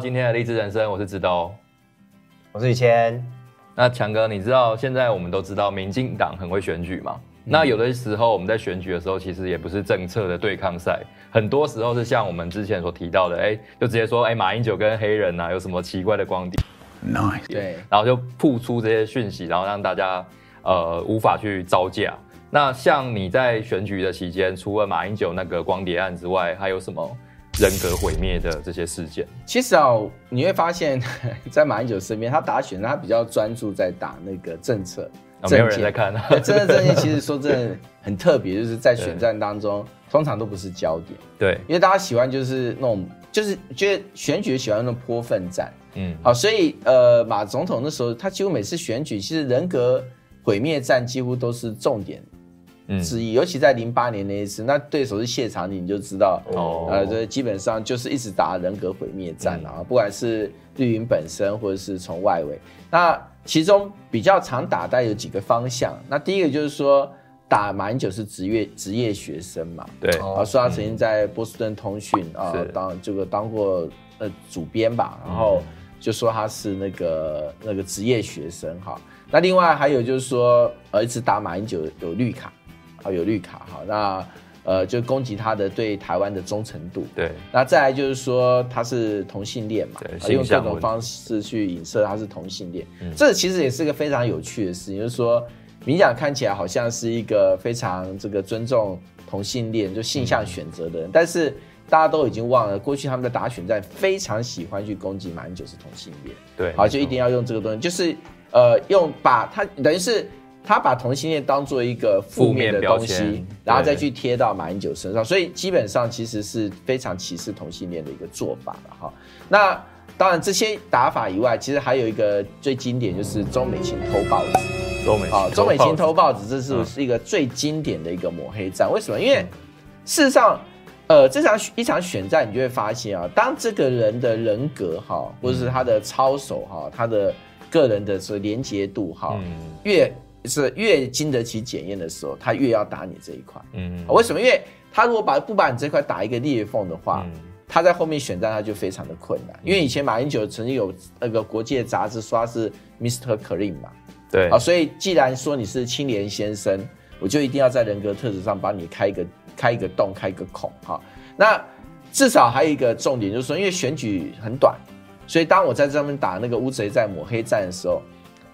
今天的荔枝人生，我是指導、哦、我是宇謙。那強哥，你知道現在我們都知道民進黨很會選舉嘛？嗯、那有的時候我們在選舉的時候，其實也不是政策的對抗賽，很多時候是像我們之前所提到的，哎、欸，就直接說，哎、欸，馬英九跟黑人啊，有什麼奇怪的光碟？Nice。對，然後就鋪出這些訊息，然後讓大家呃無法去招架。那像你在選舉的期間，除了馬英九那個光碟案之外，還有什麼？人格毀滅的這些事件，其實啊、哦，你會發現，在馬英九身邊，他打選戰，他比較專注在打那個政策，哦、沒有人在看、啊。政策政見其實說真的，很特別， 就是在選戰當中，對通常都不是焦點。對，因為大家喜歡就是那種，就是覺得選舉喜歡那種潑糞戰。嗯，好、哦，所以呃，馬總統那時候，他幾乎每次選舉，其實人格毀滅戰幾乎都是重點。之一，尤其在零八年那一次，那對手是謝長廷，你就知道，嗯、呃，這基本上就是一直打人格毀滅戰了。嗯、然後不管是綠營本身，或者是從外圍，那其中比較常打的有幾個方向。那第一個就是說，打馬英九是職業職業學生嘛，對，然後說他曾經在波士頓通訊啊、嗯呃、當這個當過呃主編吧，然後就說他是那個那個職業學生哈。那另外還有就是說，呃，一直打馬英九有綠卡。好有綠卡哈，那呃就攻擊他的對台灣的忠誠度。對，那再來就是說他是同性戀嘛，對性、呃，用各種方式去影射他是同性戀。嗯、這其實也是一個非常有趣的事情，就是說民進黨看起來好像是一個非常這個尊重同性戀，就性向選擇的人，嗯、但是大家都已經忘了過去他們的打選戰，非常喜歡去攻擊馬英九是同性戀。對，好就一定要用這個東西，嗯、就是呃用把他等於是。他把同性戀當做一個負面的東西，標，然後再去貼到馬英九身上，對對對，所以基本上其實是非常歧視同性戀的一個做法了哈。那當然這些打法以外，其實還有一個最經典就是周美青偷報紙。嗯、周美青、哦、偷報紙，報紙這是不是一個最經典的一個抹黑戰？嗯、為什麼？因為事實上，呃，這場一場選戰，你就會發現啊，當這個人的人格哈，嗯、或者是他的操守哈，他的個人的所謂廉潔度哈，越、嗯是越經得起檢驗的時候，他越要打你這一塊。嗯，為什麼？因為他如果把不把你這塊打一個裂縫的話，嗯、他在後面選戰他就非常的困難。嗯、因為以前馬英九曾經有那個國際的雜誌說他是 Mr. Clean 嘛，對啊，所以既然說你是清廉先生，我就一定要在人格特質上幫你開一個開一個洞開一個孔哈、啊。那至少還有一個重點就是說，因為選舉很短，所以當我在這上面打那個烏賊在抹黑戰的時候。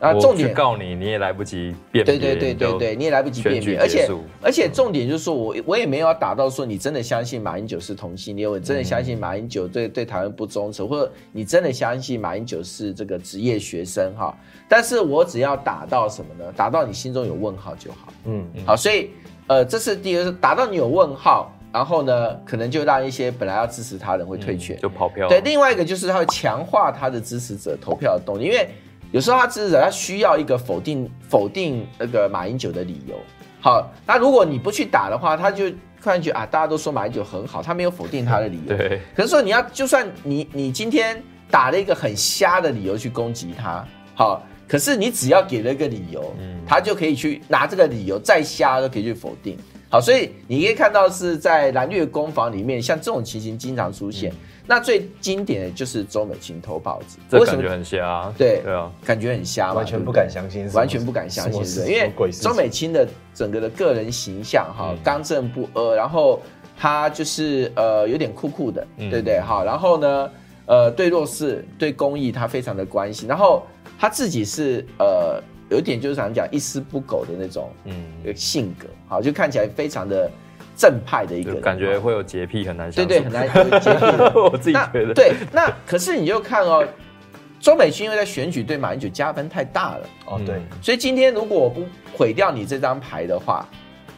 然後重點我告你，你也來不及辨別。對對對對，對對對，你也來不及辨別。而且而且重點就是說我、嗯、我也沒有打到說你真的相信馬英九是同性戀，或有真的相信馬英九對、嗯、對台灣不忠誠，或者你真的相信馬英九是這個職業學生哈。但是我只要打到什麼呢？打到你心中有問號就好。嗯，嗯，好，所以呃，這是第一個是打到你有問號，然後呢，可能就讓一些本來要支持他的人會退卻，嗯，就跑票。對，另外一個就是他會強化他的支持者投票的動力，因為。有時候他支持者他需要一個否定、否定那個馬英九的理由。好，那如果你不去打的話，他就看去啊，大家都說馬英九很好，他沒有否定他的理由。嗯，對。可是說你要就算你你今天打了一個很瞎的理由去攻擊他，好，可是你只要給了一個理由，嗯，他就可以去拿這個理由再瞎都可以去否定。好，所以你可以看到是在藍綠攻防裡面，像這種情形經常出現。那最經典的就是周美青偷報紙，為什麼？感覺很瞎，對對啊，感覺很瞎，完全不敢相信，完全不敢相信。是因為周美青的整個的個人形象哈，剛正不阿，然後他就是呃有點酷酷的，對對，好，然後呢，呃，對弱勢、對公益，他非常的關心。然後他自己是呃。有點就是常講一絲不苟的那種，嗯，性格好，就看起來非常的正派的一個人感覺，會有潔癖很難對對，對很難受潔癖， 我自己覺得對。那可是你就看哦，周美青因為在選舉對馬英九加分太大了，嗯，哦，對，所以今天如果我不毀掉你這張牌的話，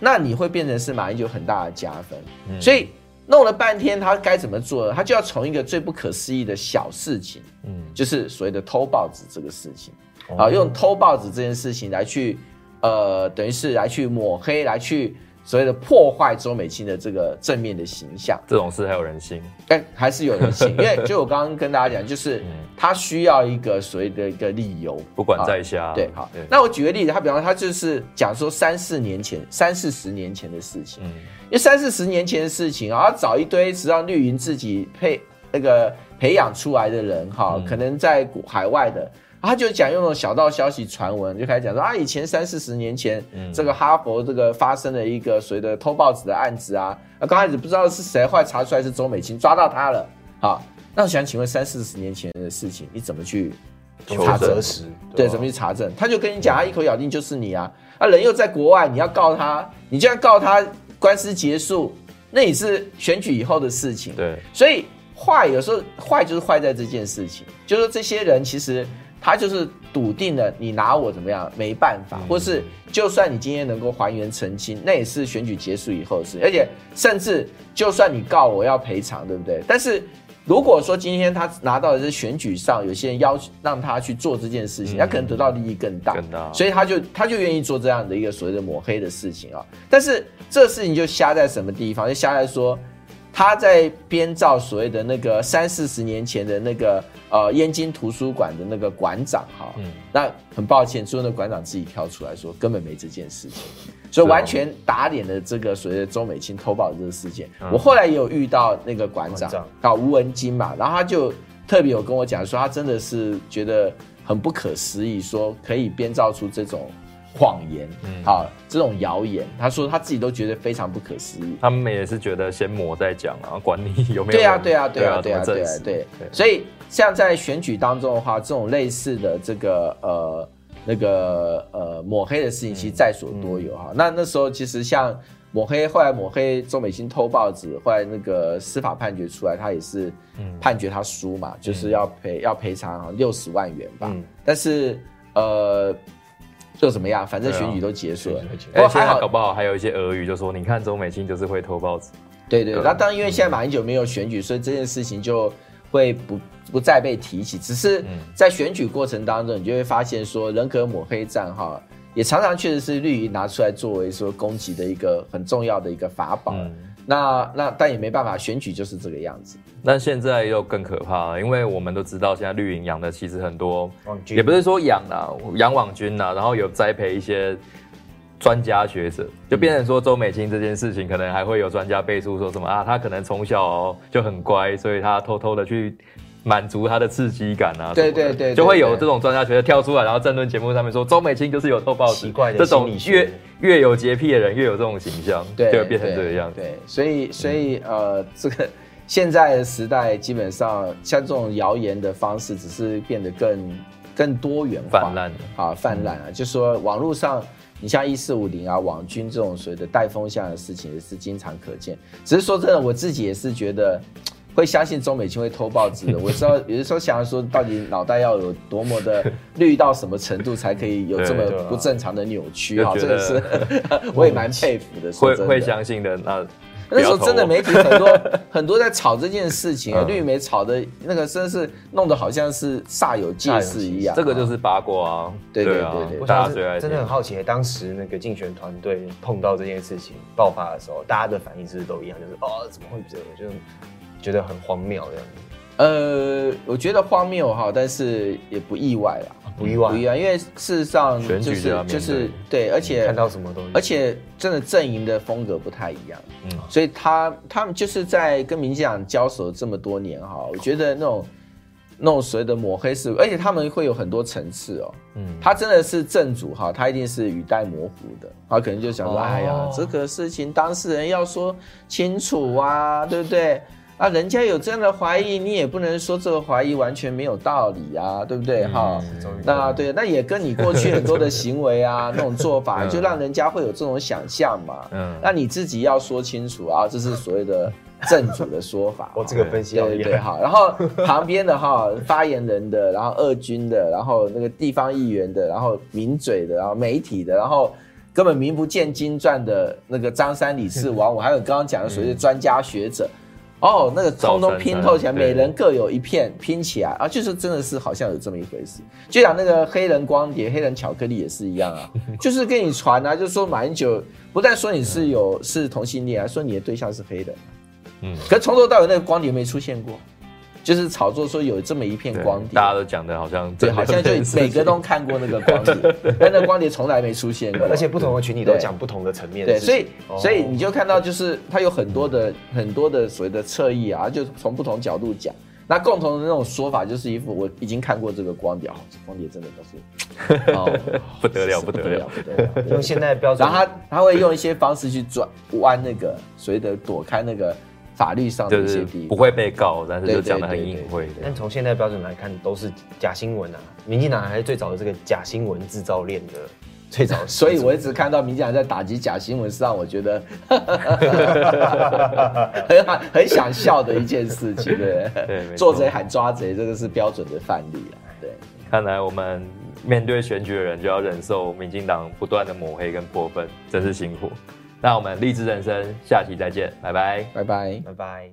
那你會變成是馬英九很大的加分。嗯，所以弄了半天他該怎麼做呢？他就要從一個最不可思議的小事情，嗯，就是所謂的偷報紙這個事情。啊，用偷報紙這件事情來去，呃，等於是來去抹黑，來去所謂的破壞周美青的這個正面的形象。這種事還有人信哎、欸，還是有人信 因為就我剛剛跟大家講，就是他需要一個所謂的一個理由，嗯啊、不管在下、啊啊。對，好。對那我舉個例子，他比方說，他就是講說三四年前，三四十年前的事情，嗯、因為三四十年前的事情啊，找一堆實際上綠營自己培那個培養出來的人哈，啊嗯、可能在海外的。他就講用那種小道消息、傳聞就開始講說啊，以前三四十年前，嗯、這個哈佛這個發生了一個所謂的偷報紙的案子啊啊，剛開始不知道是誰，後來查出來是周美青，抓到他了。啊。那我想請問三四十年前的事情，你怎麼去查證生對，對吧怎麼去查證？他就跟你講，他一口咬定就是你啊！嗯、啊，人又在國外，你要告他，你就要告他，官司結束，那也是選舉以後的事情。對，所以壞有時候壞就是壞在這件事情，就是說這些人其實。他就是篤定了，你拿我怎麼樣，沒辦法，嗯、或是就算你今天能夠還原澄清，那也是選舉結束以後的事。而且，甚至就算你告我要賠償，對不對？但是如果說今天他拿到的是選舉上有些人要求讓他去做這件事情，嗯、他可能得到利益更大，的所以他就他就願意做這樣的一個所謂的抹黑的事情啊、哦。但是這事情就瞎在什麼地方？就瞎在說。他在編造所謂的那個三四十年前的那個呃燕京圖書館的那個館長哈，嗯、那很抱歉，最後那個館長自己跳出來說根本沒這件事情，所以完全打臉的這個所謂的周美青偷報這個事件，嗯、我後來也有遇到那個館長叫吳、嗯、文金嘛，然後他就特別有跟我講說他真的是覺得很不可思議，說可以編造出這種。謊言，好，嗯、這種謠言，他說他自己都覺得非常不可思議。他們也是覺得先抹再講啊，然後管你有沒有。對啊，對啊，對啊，對啊，對啊，對。所以像在選舉當中的話，這種類似的這個呃那個呃抹黑的事情，其實在所多有哈、嗯。那那時候其實像抹黑，後來抹黑周美青偷報紙，後來那個司法判決出來，他也是判決他輸嘛，嗯、就是要賠、嗯、要賠償六十萬元吧。嗯、但是呃。就怎麼樣，反正選舉都結束了。而且搞不好還有一些俄語，就說你看周美青就是會偷報紙。對對，那好當然，因為現在馬英九沒有選舉，嗯、所以這件事情就會不不再被提起。只是在選舉過程當中，你就會發現說，人格抹黑戰哈，也常常確實是綠營拿出來作為說攻擊的一個很重要的一個法寶。嗯那那但也沒辦法，選舉就是這個樣子。那現在又更可怕了，因為我們都知道現在綠營養的其實很多，嗯、也不是說養啊養網軍啦、啊，然後有栽培一些專家學者，就變成說周美青這件事情，可能還會有專家背書說什麼啊，他可能從小就很乖，所以他偷偷的去。滿足他的刺激感啊，對對對，對，對對對，就會有這種專家學者跳出來，然後政論節目上面說對對對，周美青就是有偷報紙，奇怪的這種越越有潔癖的人越有這種形象，對就會變成這個樣子。對，對，對，所以所以、嗯、呃，這個現在的時代基本上像這種謠言的方式，只是變得更更多元化泛濫的啊泛濫啊，濫啊嗯、就是說網絡上你像一四五零啊網軍這種所謂的帶風向的事情也是經常可見。只是說真的，我自己也是覺得。會相信周美青會偷報紙？我知道， 有的時候想要說到底腦袋要有多麼的綠到什麼程度，才可以有這麼不正常的扭曲、哦？哈，這個是，吧我也蠻佩服的。的會會相信的那那時候真的媒體很多很多在炒這件事情， 嗯、綠媒炒的那個真是弄得好像是煞有介事一樣、啊。這個就是八卦、啊，對對對對，大家、啊、真的很好奇。啊、當時那個競選團隊碰到這件事情爆發的時候，大家的反應是不是都一樣？就是哦，怎麼會這樣？就是……覺得很荒謬的樣子，呃，我覺得荒謬哈，但是也不意外啦、哦、不意外，不意外，因為事實上全是就是就對，、就是、對，而且看到什麼東西，而且真的陣營的風格不太一樣，嗯，所以他他們就是在跟民進黨交手這麼多年哈，我覺得那種那種所謂的抹黑是，而且他們會有很多層次哦、喔，嗯，他真的是正主哈，他一定是語帶模糊的，他可能就想說，哦、哎呀，哎呀這個事情當事人要說清楚啊，哎、呀對不對？啊，人家有這樣的懷疑，你也不能說這個懷疑完全沒有道理啊，對不對？哈，那對，嗯、那也跟你過去很多的行為啊， 那種做法，嗯、就讓人家會有這種想象嘛。嗯，那你自己要說清楚啊，這是所謂的正主的說法。我、嗯哦、這個分析要對對對，好。然後旁邊的哈、哦，發言人的，然後二軍的，然後那個地方議員的，然後名嘴的，然後媒體的，然後根本名不見經傳的那個張三李四王五， 我還有剛剛講的所謂的專家學者。嗯哦，那個通通拼湊起來，每人各有一片拼起來對啊，就是真的是好像有這麼一回事。就像那個黑人光碟、黑人巧克力也是一樣啊， 就是跟你傳啊，就說馬英九不但說你是有、嗯、是同性戀、啊，還說你的對象是黑人。嗯，可從頭到尾那個光碟沒出現過。就是炒作說有這麼一片光碟，大家都講的好像，對，好像就每個都看過那個光碟，但那個光碟從來沒出現過，而且不同的群體都講不同的層面，對，所以，所以你就看到就是它有很多的很多的所謂的側翼啊，就從不同角度講，那共同的那種說法就是一副我已經看過這個光碟，這光碟真的都是，哦，不得了不得了不得了，用現在標準，然後他他會用一些方式去轉彎那個，所謂的躲開那個。法律上的一些不會被告，但是就講的很隱晦的。但從現在標準來看，都是假新聞啊！民進黨還是最早的這個假新聞製造鏈的最早。所以我一直看到民進黨在打擊假新聞上，我覺得 很很想笑的一件事情，對，做賊喊抓賊，這個是標準的範例了，啊。對，看來我們面對選舉的人就要忍受民進黨不斷的抹黑跟潑糞，真是辛苦。那我們荔枝人生，下期再見，拜拜，拜拜，拜拜。